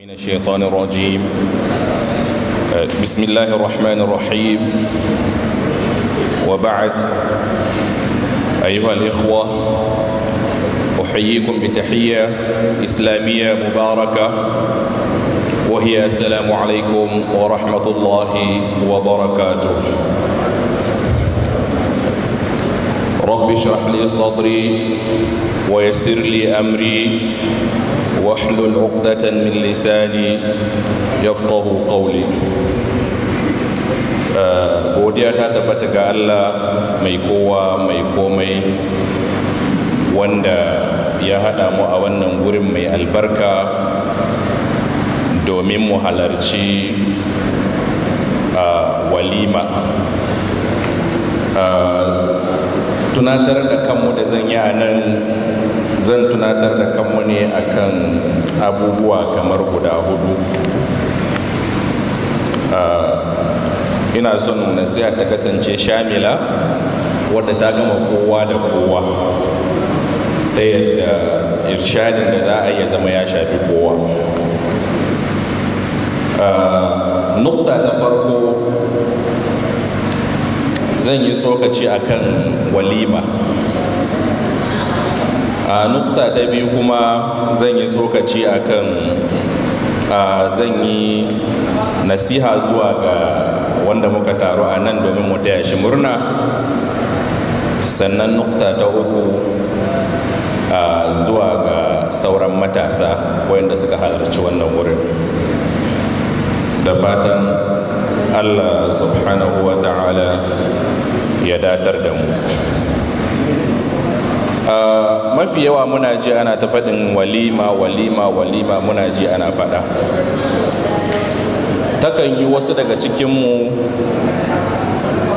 من الشيطان الرجيم بسم الله الرحمن الرحيم وبعد أيها الإخوة أحييكم بتحية إسلامية مباركة وهي السلام عليكم ورحمة الله وبركاته رب اشرح لي صدري ويسر لي أمري واحلل عقدة من لساني يفقه قولي godiya ta tabbata ga Allah mai kowa mai komai wanda ya haɗa mu a wannan gurin mai albarka domin mu halarci a ah, walima ah, tunatar da kanmu da zan yi a nan zan tunatar da kanmu ne akan abubuwa kamar guda hudu ah, ina son nasiha ta kasance shamila wadda ta gama kowa da kowa ta yadda irshadin da za a iya zama ya shafi kowa ah, nukta ta farko zan yi tsokaci kan walima a nukta ta biyu kuma zan yi tsokaci akan zan yi nasiha zuwa ga wanda muka taru a nan domin mu ya shi murna sannan nukta ta uku zuwa ga sauran matasa wayanda suka halarci wannan wurin da fatan allah subhanahu wa ta'ala ya datar da mu mafi yawa muna ji ana ta faɗin walima walima walima muna ji ana faɗa takan yi wasu daga cikinmu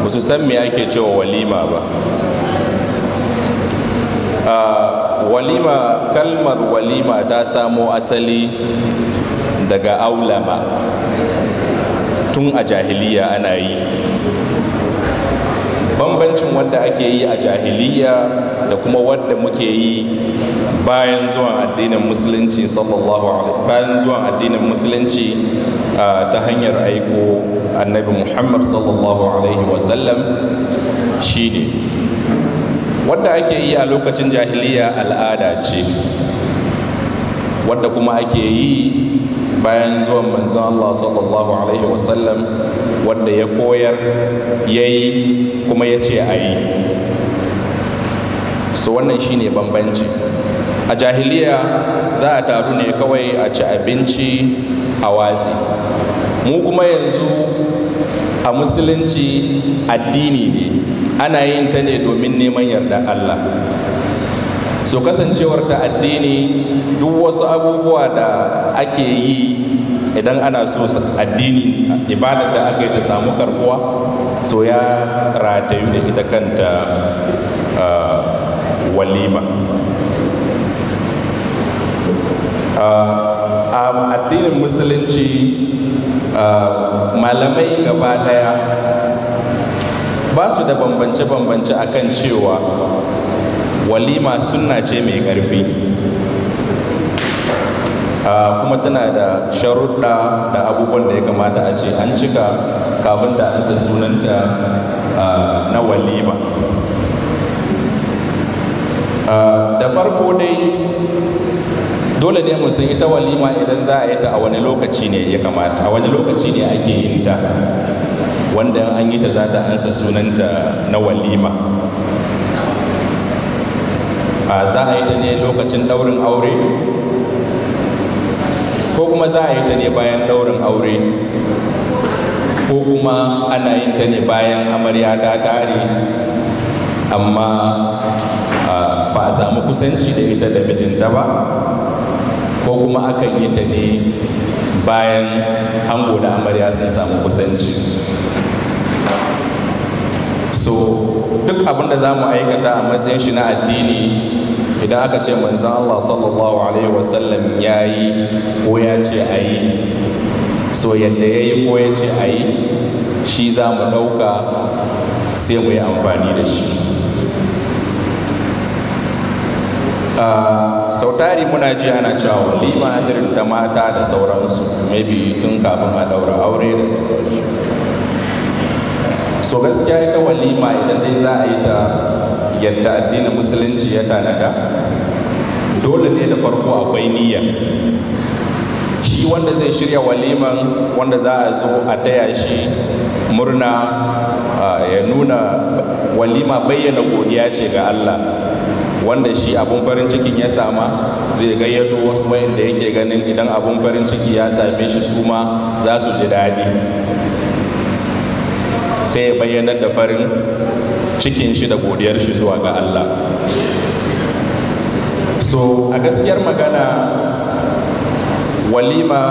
ba su san me ake cewa walima ba walima kalmar walima ta samo asali daga aulama tun a jahiliya ana yi bambancin wanda ake yi a jahiliya da kuma wadda muke yi bayan zuwan addinin musulunci sallallahu alaihi bayan zuwan addinin musulunci ta hanyar aiko annabi muhammad sallallahu alaihi wasallam shi ne wadda ake yi a lokacin jahiliya al'ada ce wanda kuma ake yi bayan zuwan manzon Allah sallallahu alaihi wasallam wanda ya koyar ya yi kuma ya ce a yi so wannan shine bambanci a jahiliya za a taru ne kawai a ci abinci a watsi mu kuma yanzu a musulunci addini ne ana yin ta ne domin neman yarda Allah so kasancewar ta addini duk wasu abubuwa da ake yi idan ana so addini ibadar da aka yi ta samu karbuwa so ya ratayu da ita kanta ah, walima ah, a addinin musulunci ah, malamai gaba daya ba su da bambance-bambance akan cewa walima sunna ce mai ƙarfi ah, kuma tana da sharuɗa da abubuwan da ya kamata a ce an cika kafin da ansa sunanta ah, na walima ah, da farko dai dole ne mu san ita walima idan za a yi ta a wani lokaci ne ya kamata a wani lokaci ne ake yin ta wanda an yi ta za ta ansa sunanta na walima ba za a yi ta ne lokacin daurin aure ko kuma za a yi ta ne bayan daurin aure ko kuma ana yin ta ne bayan amarya ta tare amma ba a samu kusanci da ita da mijinta ba ko kuma akan yi ta ne bayan ango da amarya sun samu kusanci so duk abin da za mu aikata a matsayin shi na addini idan aka ce manzan Allah sallallahu alaihi wasallam ya yi ko ya ce a yi so yadda ya yi ko ya ce a yi shi za mu ɗauka sai mu yi amfani da shi sau tari muna ji ana cewa lima irin ta mata da sauransu maybe tun kafin a ɗaura aure da sauransu so gaskiya ita walima idan dai za a yi ta yadda addinin musulunci ya tanada dole ne da farko akwai niyya shi wanda zai shirya waliman wanda za a zo a taya shi murna ya nuna walima bayyana godiya ce ga Allah wanda shi abun farin cikin ya sama zai gayyato wasu wayanda yake ganin idan abun farin ciki ya same shi su ma za su ji daɗi sai ya bayyanar da farin cikin shi da godiyar shi zuwa ga Allah so a gaskiyar magana walima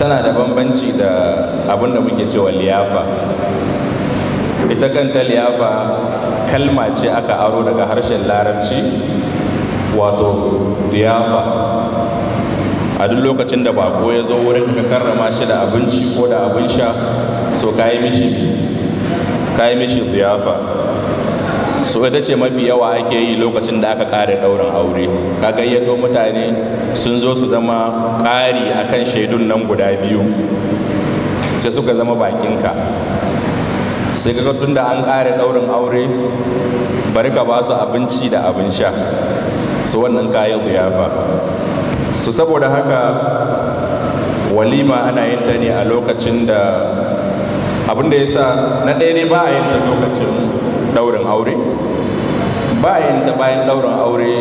tana da bambanci da abin da muke cewa liyafa ita kanta liyafa kalma ce aka aro daga harshen larabci wato liyafa a duk lokacin da bako ya zo wurin ka karrama shi da abinci ko da abin sha so ka yi mishi ka yi mishi ziyafa so ita ce mafi yawa ake yi lokacin da aka kare ɗaurin aure ka gayyato mutane sun zo su zama ƙari akan shaidun nan guda biyu sai suka zama bakinka sai ka tun da an ƙare ɗaurin aure bari ka ba su abinci da abin sha su wannan kayan ziyafa su saboda haka walima ana yin ta ne a lokacin da abin da ya sa na ɗaya ne ba a yin ta lokacin ɗaurin aure ba a yin ta bayan ɗaurin aure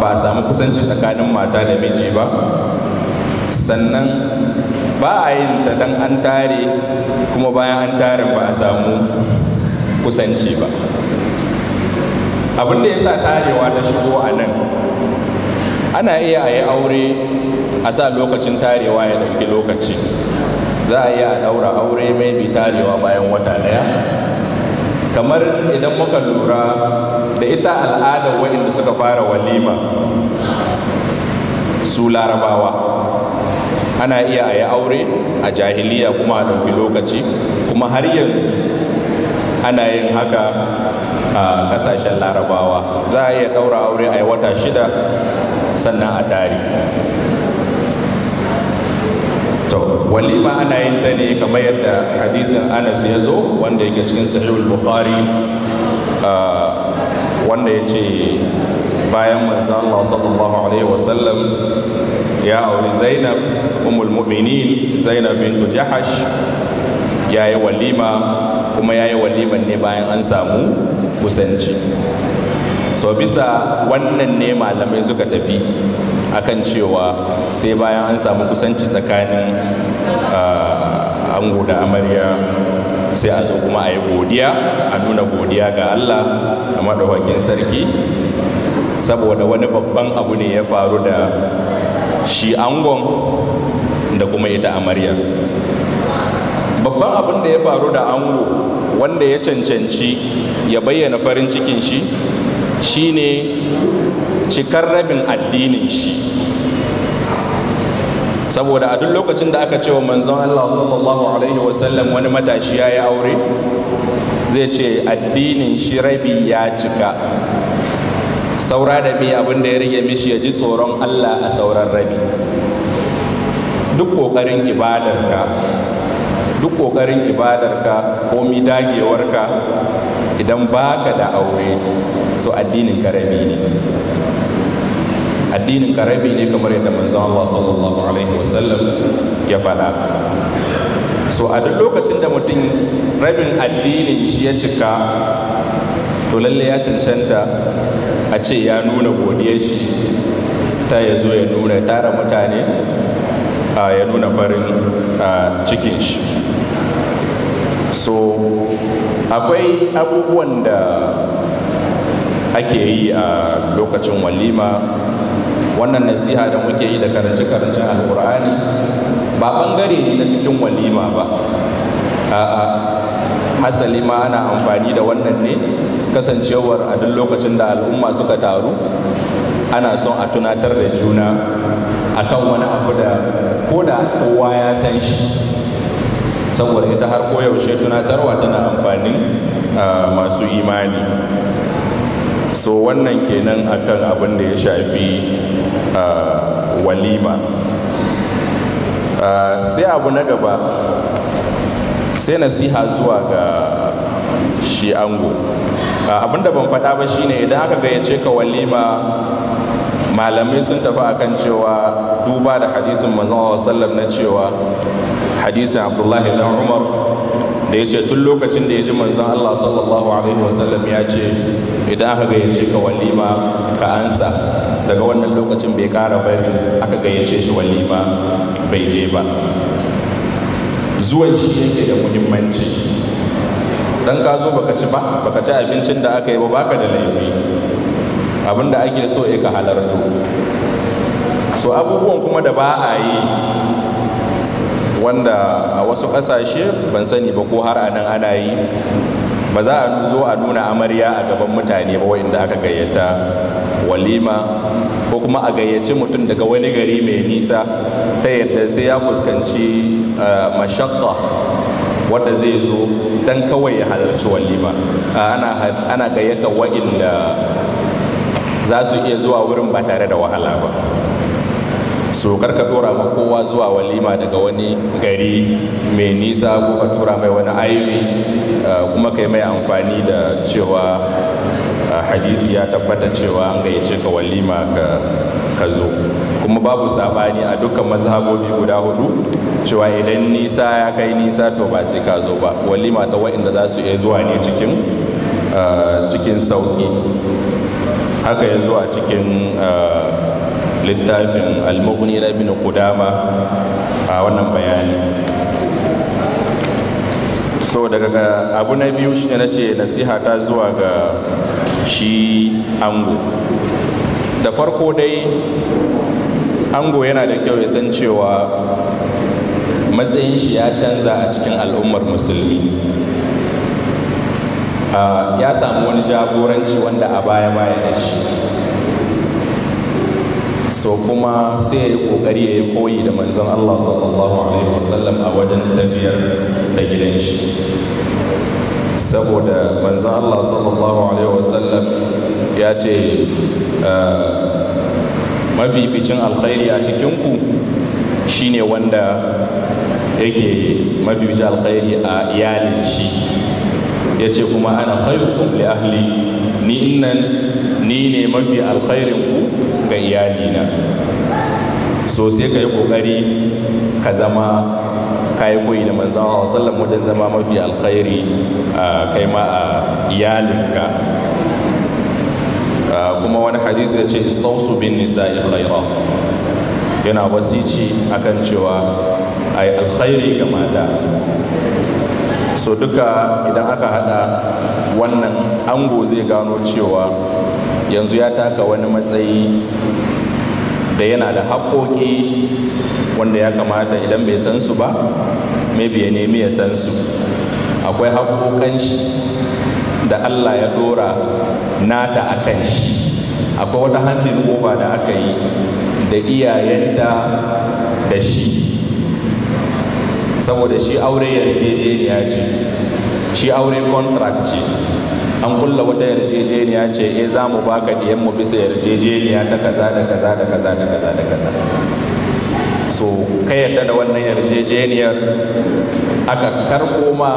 ba a samu kusanci tsakanin mata da miji ba sannan ba a yin ta dan an tare kuma bayan an tare ba a samu kusanci ba abin da ya sa tarewa ta shigo a nan ana iya a yi aure a sa lokacin tarewa ya ɗauki lokaci za a iya a ɗaura aure mai bi tarewa bayan wata ɗaya kamar idan muka lura da ita al'adar waɗanda suka fara walima su larabawa ana iya a yi aure a jahiliya kuma a ɗauki lokaci kuma har yanzu ana yin haka a kasashen larabawa za a iya ɗaura aure a wata shida sannan a tari to walima ana yin ta ne kamar yadda hadisin anas ya zo wanda yake cikin sahihul bukhari wanda ya ce bayan manzo Allah sallallahu alaihi sallam ya auri Zainab umul mu'minin Zainab bintu Jahash yayi walima kuma yayi waliman ne bayan an samu kusanci so bisa wannan ne malamai suka tafi akan cewa sai bayan an samu kusanci tsakanin ah, ango da amarya sai a zo kuma a yi godiya a nuna godiya ga Allah a maɗaukakin sarki saboda wani babban abu ne ya faru da shi angon da kuma ita amarya babban abin da ya faru da ango wanda ya cancanci ya bayyana farin cikin shi shine cikar rabin addinin shi saboda a duk lokacin da aka ce wa manzon Allah sallallahu alaihi wasallam wani matashi ya yi aure zai ce addinin shi rabi ya cika saura da mai abin da ya rage mishi ya ji tsoron Allah a sauran rabi duk ƙoƙarin ka duk ƙoƙarin ibadarka ko mi dagewarka idan ba ka da aure so addinin karami ne addinin karami ne kamar yadda manzo Allah sallallahu alaihi wasallam ya faɗa so a duk lokacin da mutum rabin addinin shi ya cika to lalle ya cancanta a ce ya nuna godiyar shi ta ya zo ya nuna tara mutane ya nuna farin cikin shi so akwai abubuwan da ake yi a lokacin walima wannan nasiha da muke yi da karance-karancen alkur'ani ba bangare ne na cikin walima ba a'a hasali ma ana amfani da wannan ne kasancewar a duk lokacin da al'umma suka taru ana son a tunatar da juna akan wani abu da koda kowa ya san shi saboda ita har koyaushe tunatarwa tana amfanin ah, masu imani so wannan kenan akan abin da ya shafi ah, walima ah, sai abu na gaba sai nasiha zuwa ga shi ango abinda ban faɗa ba shine idan aka gayyace ka walima malamai sun tafi akan cewa duba da hadisin manzon sallam na cewa hadisin abdullahi dan umar da ya ce tun lokacin da ya ji manzon allah sallallahu alaihi wasallam ya ce idan aka gayyace ka walima ka ansa daga wannan lokacin bai kara bari aka gayyace shi walima bai je ba zuwan shi yake da muhimmanci dan ka zo baka ci ba baka ci abincin da aka yi ba baka da laifi abinda ake so eh ka halarto so abubuwan kuma da ba a yi wanda a wasu ƙasashe ban sani ba ko har anan ana yi ba za a zo a nuna amarya a gaban mutane ba wa'inda aka gayyata walima ko kuma a gayyace mutum daga wani gari mai nisa ta yadda sai ya fuskanci eh, mashakka wadda zai zo don kawai ya halarci walima ah, ana gayyata wa'inda za su iya zuwa wurin ba tare da wahala ba so karka dora ma kowa zuwa walima daga wani gari mai nisa ko ka tura mai wani aibi eh, kuma kai mai amfani da cewa eh, hadisi ya tabbata cewa an gayyace ka walima ka zo kuma babu sabani a dukkan mazhabobi guda hudu cewa idan nisa ya kai nisa to ba sai ka zo ba walima ta wa'inda za su iya zuwa ne cikin eh, cikin sauki haka ya zo a cikin uh, littafin almugni na ibn qudama a wannan bayani so daga abu na biyu shine ce nasiha ta zuwa ga shi ango da farko dai ango yana da kyau ya san cewa matsayin shi ya canza a cikin al'ummar musulmi ya samu wani jagoranci wanda a baya baya da shi so kuma sai ya yi kokari ya yi koyi da manzon Allah sallallahu alaihi wasallam a wajen tafiyar da gidan shi saboda manzon Allah sallallahu alaihi wasallam ya ce ah, mafificin alkhairi a cikinku shine wanda yake mafificin alkhairi a iyalin shi ya ce kuma ana khairukum li ahli ni innan ni ne mafi alkhairin ku ga iyalina so sai ka yi kokari ka zama ka yi koyi da manzon Allah sallam wajen zama mafi alkhairi kai ma a iyalinka kuma wani hadisi ya ce istausu bin nisa'i khaira yana wasici akan cewa ai alkhairi ga mata so duka idan aka hada wannan ango zai gano cewa yanzu ya taka wani matsayi da yana da haƙoƙi wanda ya kamata idan bai san su ba maybe ya nemi ya san su akwai haƙoƙan shi da allah ya dora nata a kan shi akwai wata hannun ƙofa da aka yi da iyayenta da shi saboda shi aure yarjejeniya ce shi aure contract ce an kulla wata yarjejeniya ce e za mu baka mu bisa yarjejeniya ta kaza da kaza da kaza da kaza da kaza so ka yadda da wannan yarjejeniyar aka karko ma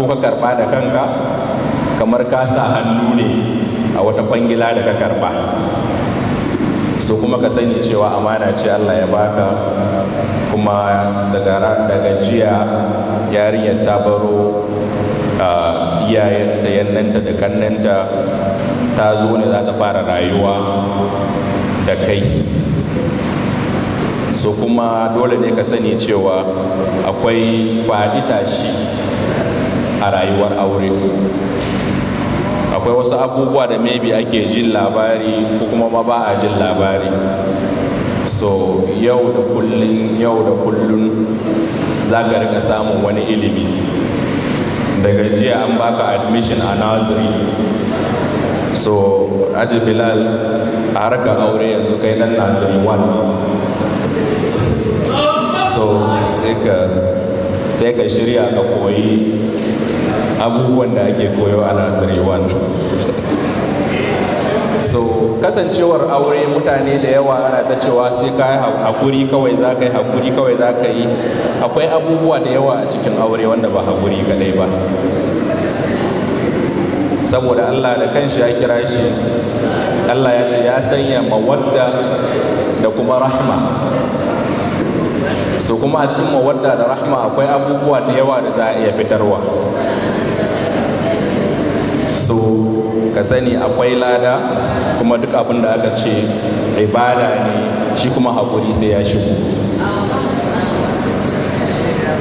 ko ka karba da kanka kamar ka sa hannu ne a wata kwangila da ka karba su kuma ka sani cewa amana ce allah ya baka kuma daga daga jiya yarinyar ta baro iyayenta yannanta da kannanta ta zo ne za ta fara rayuwa da kai so kuma dole ne ka sani cewa akwai faɗi tashi a rayuwar aure akwai wasu abubuwa da maybe ake jin labari ko kuma ma ba a jin labari so yau da kullun yau da kullun za ka rika samun wani ilimi daga jiya an baka admission a nazari. so aji bilal a harkar aure yanzu kai dan nazari one so sai ka shirya ka koyi abubuwan da ake koyo a nursery so kasancewar aure mutane da yawa ana ta cewa sai ka yi hakuri kawai za ka yi hakuri kawai za ka yi akwai abubuwa da yawa a cikin aure wanda ba hakuri kadai ba saboda allah da kanshi ya kira shi allah ya ce ya sanya mawadda da kuma rahma so kuma a cikin mawadda da rahma akwai abubuwa da yawa da za a iya fitarwa so ka sani akwai lada kuma duk abin da aka ce ibada ne shi kuma haƙuri sai ya shigo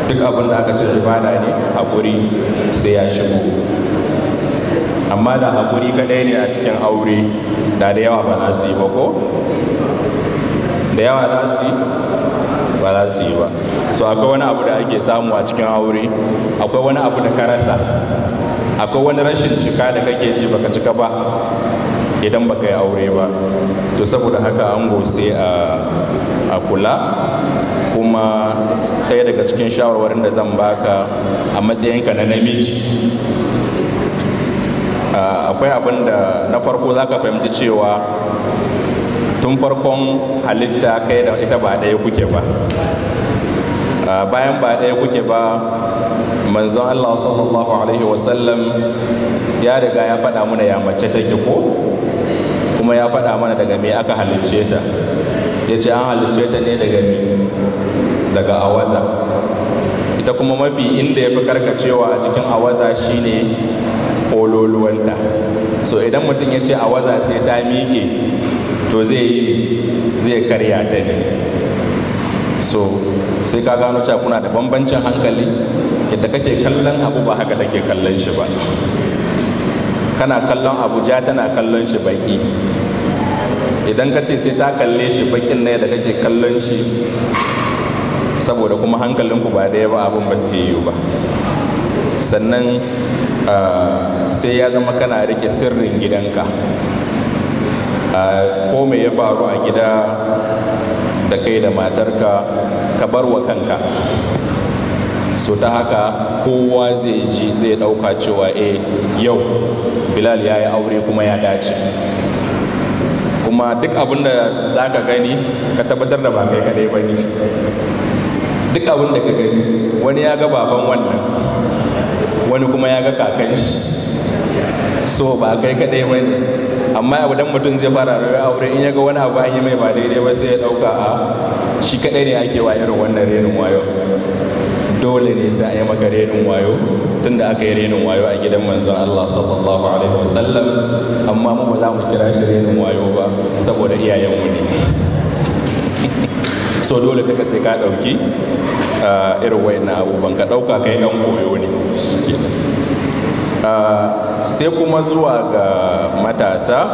duk abin da aka ce ibada ne haƙuri sai ya shigo amma da haƙuri kaɗai ne a cikin aure da da yawa ba za su yi ba ko da yawa za su yi ba za su yi ba so akwai wani abu da ake samu a cikin aure akwai wani abu da ka rasa akwai wani rashin cika da kake ji baka cika ba idan baka yi aure ba to saboda haka an sai a kula kuma ɗaya daga cikin shawarwarin da zan baka a matsayinka na namiji akwai abin da na farko za ka fahimci cewa tun farkon halitta kai da ita ba ɗaya kuke ba bayan ba ɗaya kuke ba manzon Allah sallallahu alaihi wasallam ya riga ya faɗa mana ya mace take ko kuma ya faɗa mana daga me aka halicce ta ya ce an halicce ta ne daga me daga awaza ita kuma mafi inda ya fi karkacewa a cikin awaza shine ololuwanta so idan mutum ya ce awaza sai ta miƙe to zai yi zai karya ta ne so sai ka gano cewa kuna da bambancin hankali yadda kake kallon abu ba haka take kallon shi ba kana kallon abu ja tana kallon shi baki idan ka ce sai ta kalle shi bakin ne da kake kallon shi saboda kuma hankalinku ba daya ba abin ba su yi ba sannan ah, sai ya zama kana rike sirrin gidanka ah, ko me ya faru a gida kai da matarka ka bar wa kanka so ta haka kowa zai ji zai ɗauka cewa e yau bilal ya yi aure kuma ya dace kuma duk abin da za ka gani ka tabbatar da ba kai kaɗai ba ne duk abin da ka gani wani ya ga baban wannan wani kuma ya ga kakan shi so ba kai kaɗai ba ne amma abu dan mutum zai fara rayuwa aure in ya ga wani abu an yi mai ba daidai ba sai ya dauka a shi kadai ne ake wa irin wannan renin wayo dole ne sai a yi maka renin wayo tunda aka yi renin wayo a gidan manzon Allah sallallahu alaihi wasallam amma mu za mu kira shi renin wayo ba saboda iyayenmu ne so dole duka sai ka dauki ah, irin wayannan abubuwan ka dauka kai dan koyo ne sai kuma zuwa ga matasa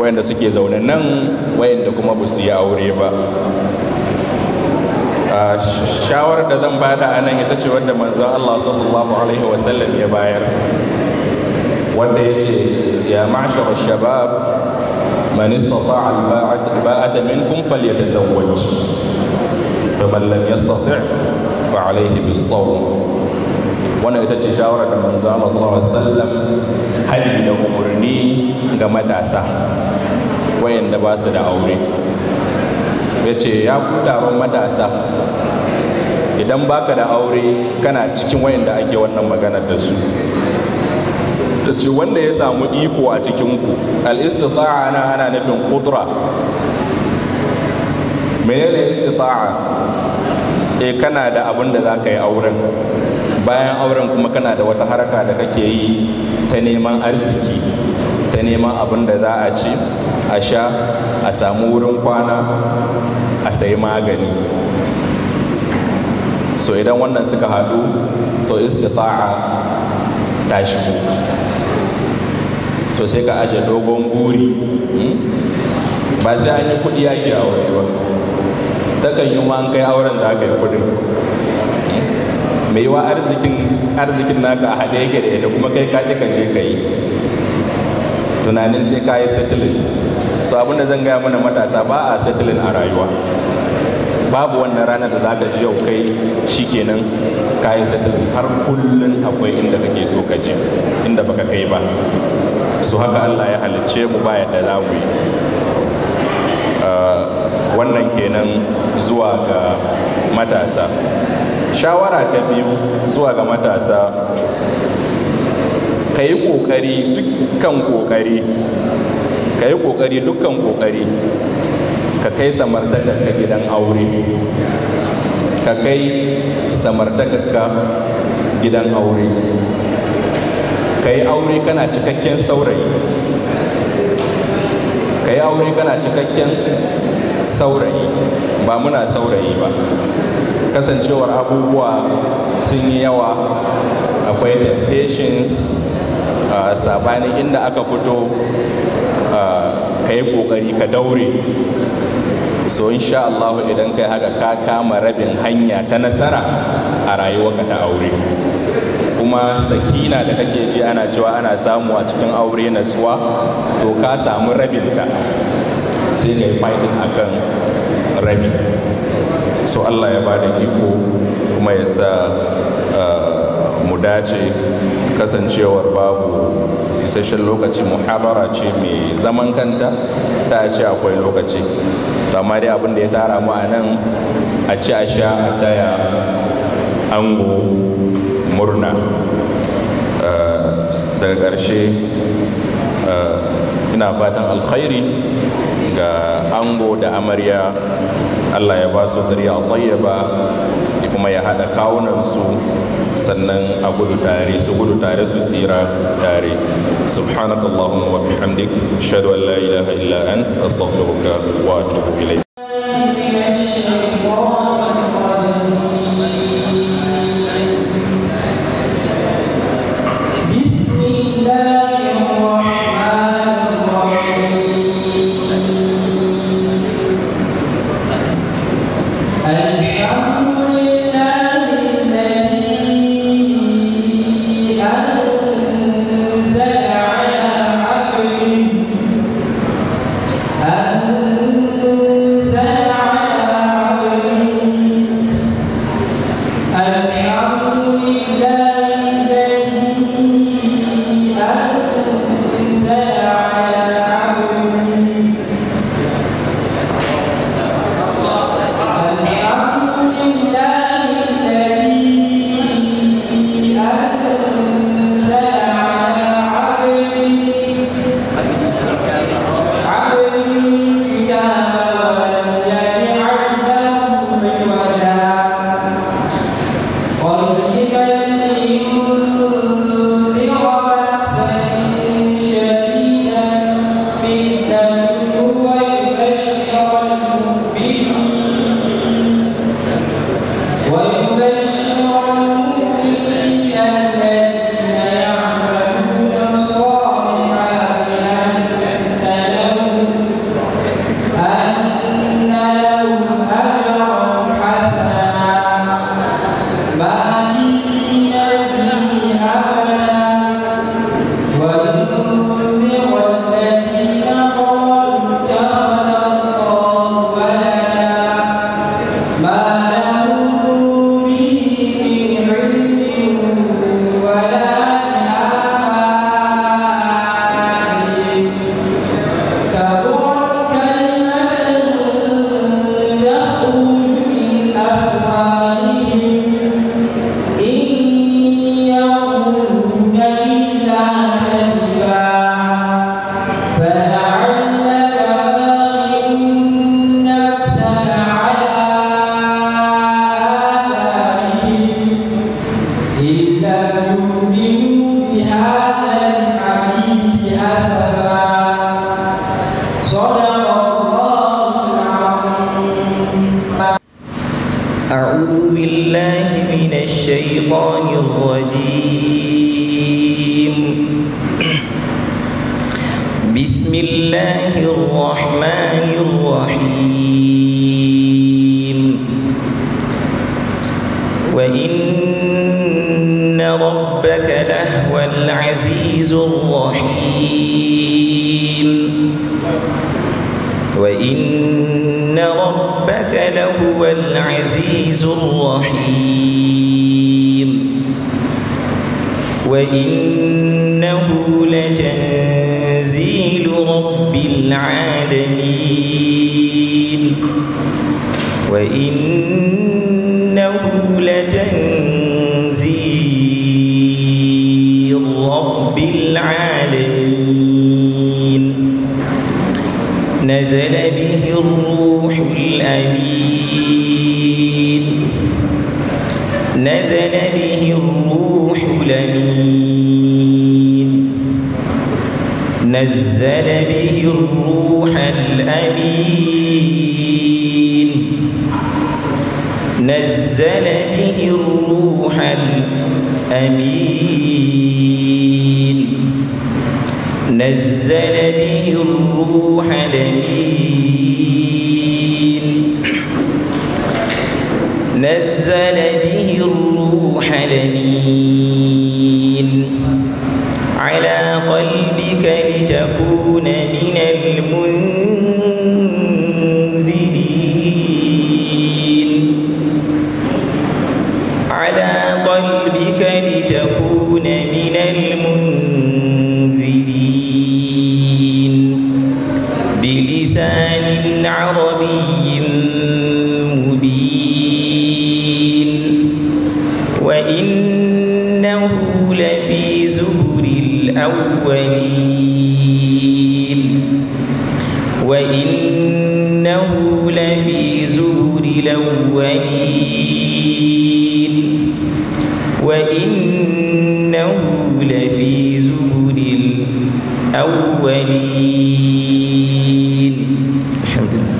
wayanda suke zaune nan wayanda kuma ba su yi aure ba shawarar da zan bada anan ita ce wanda manzon Allah sallallahu alaihi wasallam ya bayar wanda yace ya ma'ashar shabab man istata'a al baat minkum falyatazawwaj faman lam yastati' fa alayhi bis-sawm wannan ita ce shawarar da manzo Allah sallallahu alaihi wasallam hali da umarni ga matasa wayanda ba su da aure ya ce ya kudaron matasa idan baka da aure kana cikin wayanda ake wannan maganar da su ta ce wanda ya samu iko a cikinku al istita'a ana nufin kudura menene istita'a e kana da abin da za ka yi auren bayan auren kuma kana da wata haraka da kake yi ta neman arziki ta neman abin da za a ci a sha a samu wurin kwana a sayi magani so idan wannan suka haɗu to istita'a ta shigo so sai ka aje dogon guri hmm? ba sai an yi kuɗi ake aure ba ta kan yi ma an kai auren za ka yi kuɗin mai yiwa arzikin arzikin naka a haɗe yake da ita kuma kai ka ka je ka yi tunanin sai ka yi settling su abinda zan gaya mana matasa ba a settling a rayuwa babu wannan ranar da zaka ji yau kai shi nan ka yi settling har kullum akwai inda kake so ka je inda baka kai ba su haka Allah ya halicce mu ba yadda za mu yi ah, wannan kenan zuwa ga matasa shawara ta biyu zuwa ga matasa ka yi ƙoƙari dukkan ƙoƙari ka yi ƙoƙari dukkan ƙoƙari ka kai samartakarka gidan aure ka kai samartakarka gidan aure ka yi aure kana cikakken saurayi ka yi aure kana cikakken saurayi ba muna saurayi ba kasancewar abubuwa sun yi yawa akwai temptations uh, sabanin inda aka fito ka yi kokari ka daure so insha Allah idan kai haka ka kama rabin hanya ta nasara a rayuwarka ta aure kuma sakina da kake ji ana cewa ana samu a cikin aure natsuwa to ka samu rabin ta sai ka yi fighting akan rabi so allah ya bada iko kuma ya sa ah, mu dace kasancewar babu isasshen lokaci muhabara ce mai zaman kanta ta ce akwai lokaci amma dai abin da ya tara mu a nan a ci a sha a taya ango murna ah, daga ƙarshe ah, ina fatan alkhairi ga ango da amarya allah ya ba su zariya ba kuma ya haɗa kawunansu sannan a gudu tare su gudu tare su tsira tare subhanakallahumma wa bihamdik ashhadu an la ilaha illa ant astaghfiruka wa atubu ilayk ويبين الشيطان الرجيم بسم الله الرحمن الرحيم وإن ربك لهو العزيز الرحيم وإن ربك لهو العزيز الرحيم وإنه لتنزيل رب العالمين وإنه لتنزيل رب العالمين نزل به الروح الأمين نزل به الروح الأمين نزل به الروح الأمين نزل به الروح الأمين نزل به الروح الأمين في زبر الأولين وإنه لفي زبر الأولين الحمد لله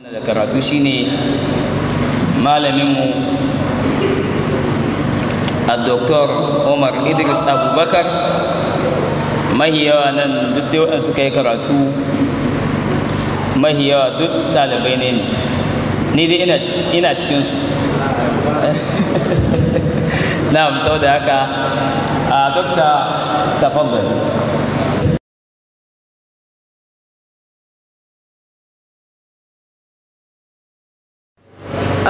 أنا ذكرت سيني ما لم الدكتور عمر إدريس أبو بكر ما هي أنا ضد أن سكاي كراتو mahiyawa duk ɗalibai ne ni dai ina cikinsu na'am sau da haka a dokta tafaddal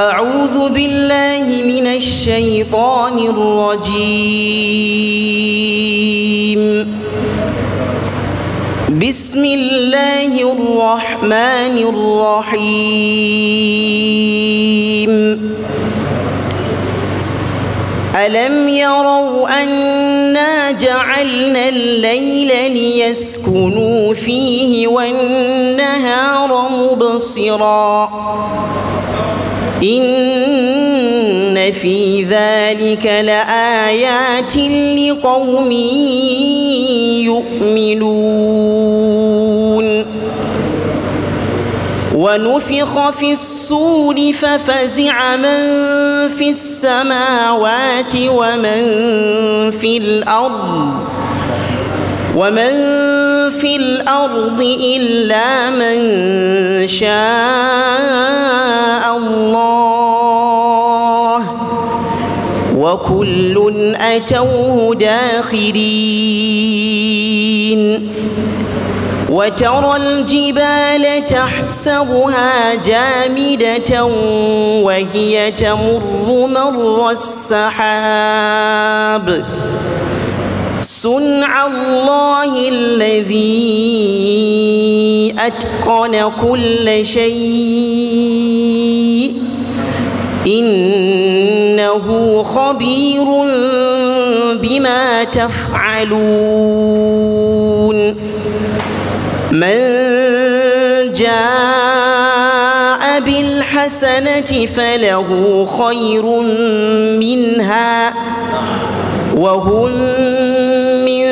أعوذ بالله من الشيطان الرجيم بسم الله الرحمن الرحيم ألم يروا أنا جعلنا الليل ليسكنوا فيه والنهار مبصرا إن في ذلك لآيات لقوم يؤمنون ونفخ في الصور ففزع من في السماوات ومن في الأرض ومن في الأرض إلا من شاء الله وكل أتوه داخرين وترى الجبال تحسبها جامدة وهي تمر مر السحاب صنع الله الذي أتقن كل شيء إنه خبير بما تفعلون من جاء بالحسنة فله خير منها وهم من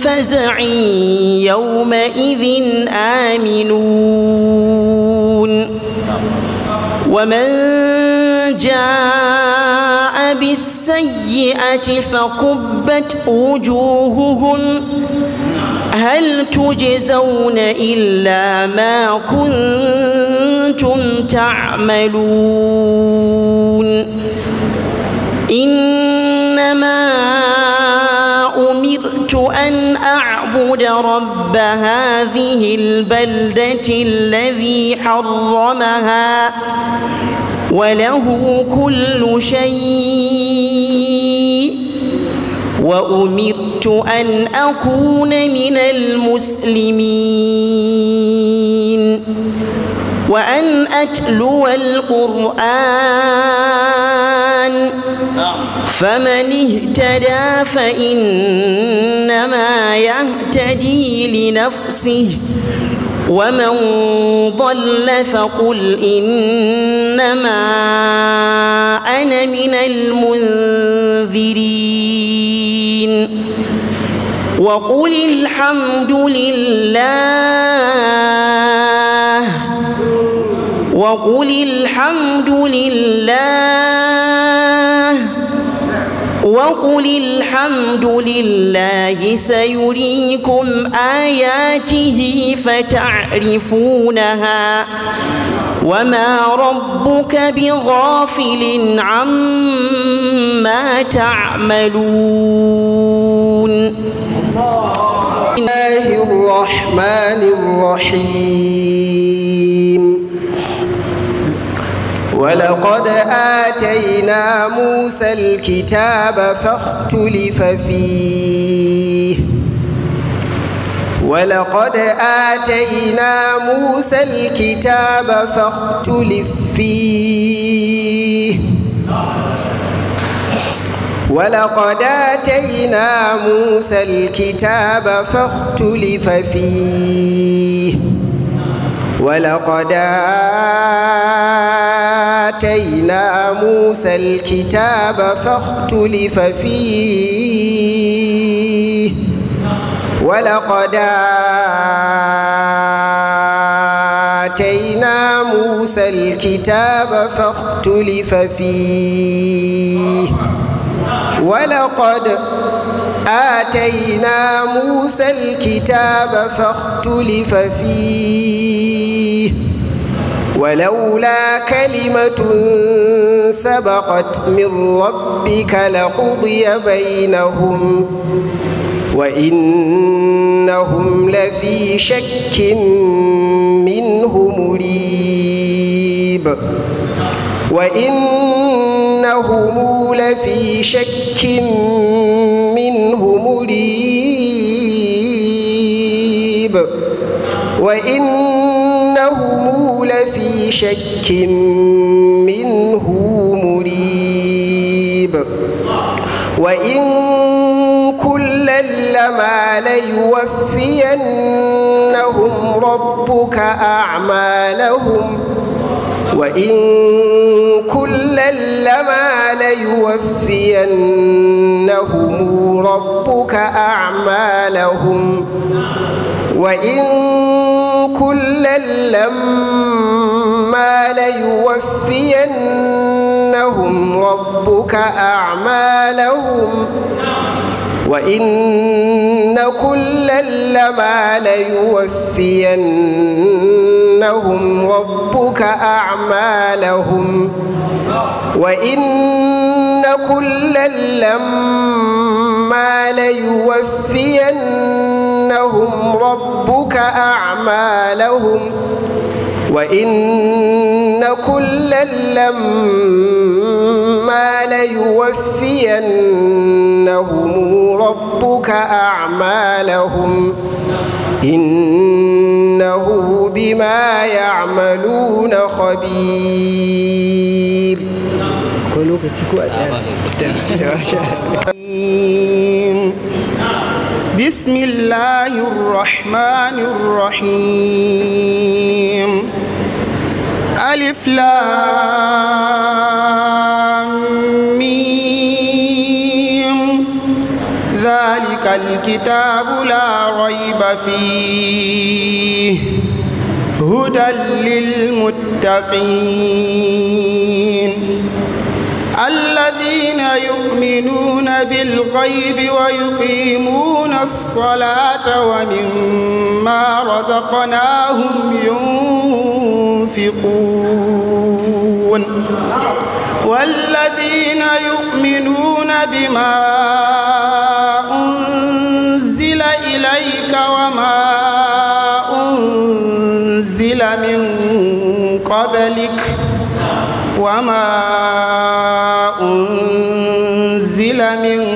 فزع يومئذ آمنون ومن جاء بالسيئة فقبت وجوههم هل تجزون إلا ما كنتم تعملون إنما أمرت أن أعبد رب هذه البلدة الذي حرمها وله كل شيء وأمر رضيت أن أكون من المسلمين وأن أتلو القرآن نعم. فمن اهتدى فإنما يهتدي لنفسه ومن ضل فقل إنما أنا من المنذرين وقل الحمد لله وقل الحمد لله وقل الحمد لله سيريكم آياته فتعرفونها وما ربك بغافل عما تعملون الله الرحمن الرحيم ولقد آتينا موسى الكتاب فاختلف فيه ولقد آتينا موسى الكتاب فاختلف فيه ولقد آتينا موسى الكتاب فاختلف فيه ولقد آتينا موسى الكتاب فاختلف فيه ولقد آتينا موسى الكتاب فاختلف فيه ولقد آتينا موسى الكتاب فاختلف فيه ولولا كلمة سبقت من ربك لقضي بينهم وإنهم لفي شك منه مريب وإن إنهم لفي شك منه مريب وإنهم لفي شك منه مريب وإن كلا لما ليوفينهم ربك أعمالهم وإن كلا كلا ليوفينهم ربك أعمالهم وإن كلا لما ليوفينهم ربك أعمالهم وإن كلا لما ليوفينهم ربك أعمالهم وإن كلا لما ليوفينهم ربك أعمالهم وإن كلا لما ليوفينهم ربك أعمالهم إنه بما يعملون خبير بسم الله الرحمن الرحيم ألف لام ميم ذلك الكتاب لا ريب فيه هدى للمتقين الذين يؤمنون بالغيب ويقيمون الصلاة ومما رزقناهم ينفقون ينفقون والذين يؤمنون بما أنزل إليك وما أنزل من قبلك وما أنزل من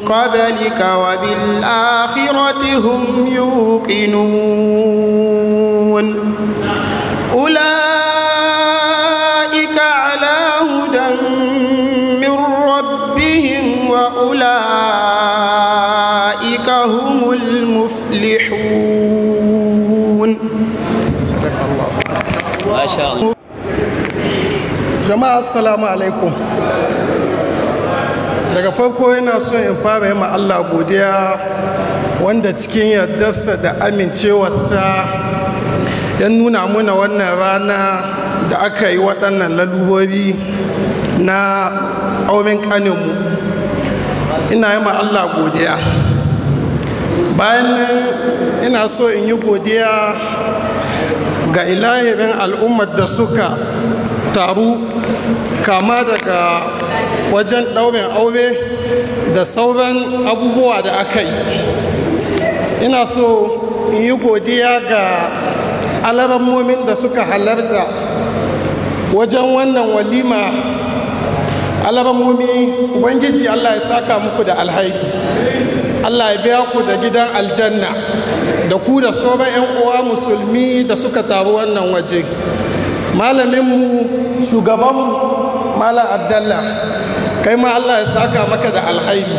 قبلك وبالآخرة هم يوقنون أولئك هم المفلحون صدق الله ما jama'a alaikum daga farko yana so in fara yi Allah godiya wanda cikin yardarsa da amincewarsa ya nuna muna wannan rana da aka yi waɗannan lalurori na auren ƙaninmu ina yi ma allah godiya bayan nan ina so in yi godiya ga ilahirin al'ummar da suka taru kama daga wajen ɗaurin aure da sauran abubuwa da aka yi ina so in yi godiya ga alarammomin da suka halarta wajen wannan walima alamomi ubangiji allah ya saka muku da alhaiki allah ya biya ku da gidan aljanna da ku da sauran 'yan uwa musulmi da suka taru wannan waje malaminmu shugabanmu malam abdallah kai ma allah ya saka maka da alhaiki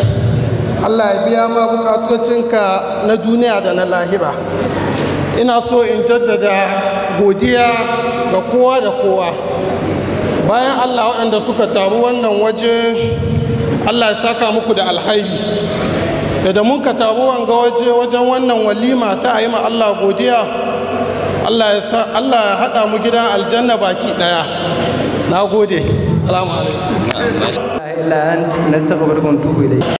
allah ya biya ma bukatocinka na duniya da na lahira ina so in jaddada godiya ga kowa da kowa bayan allah waɗanda suka taru wannan waje allah ya saka muku da alhairi da da ka taru wanga waje wajen wannan walima ta a yi ma allah godiya allah ya haɗa mu gidan aljanna baki ɗaya na gode salamu alaikum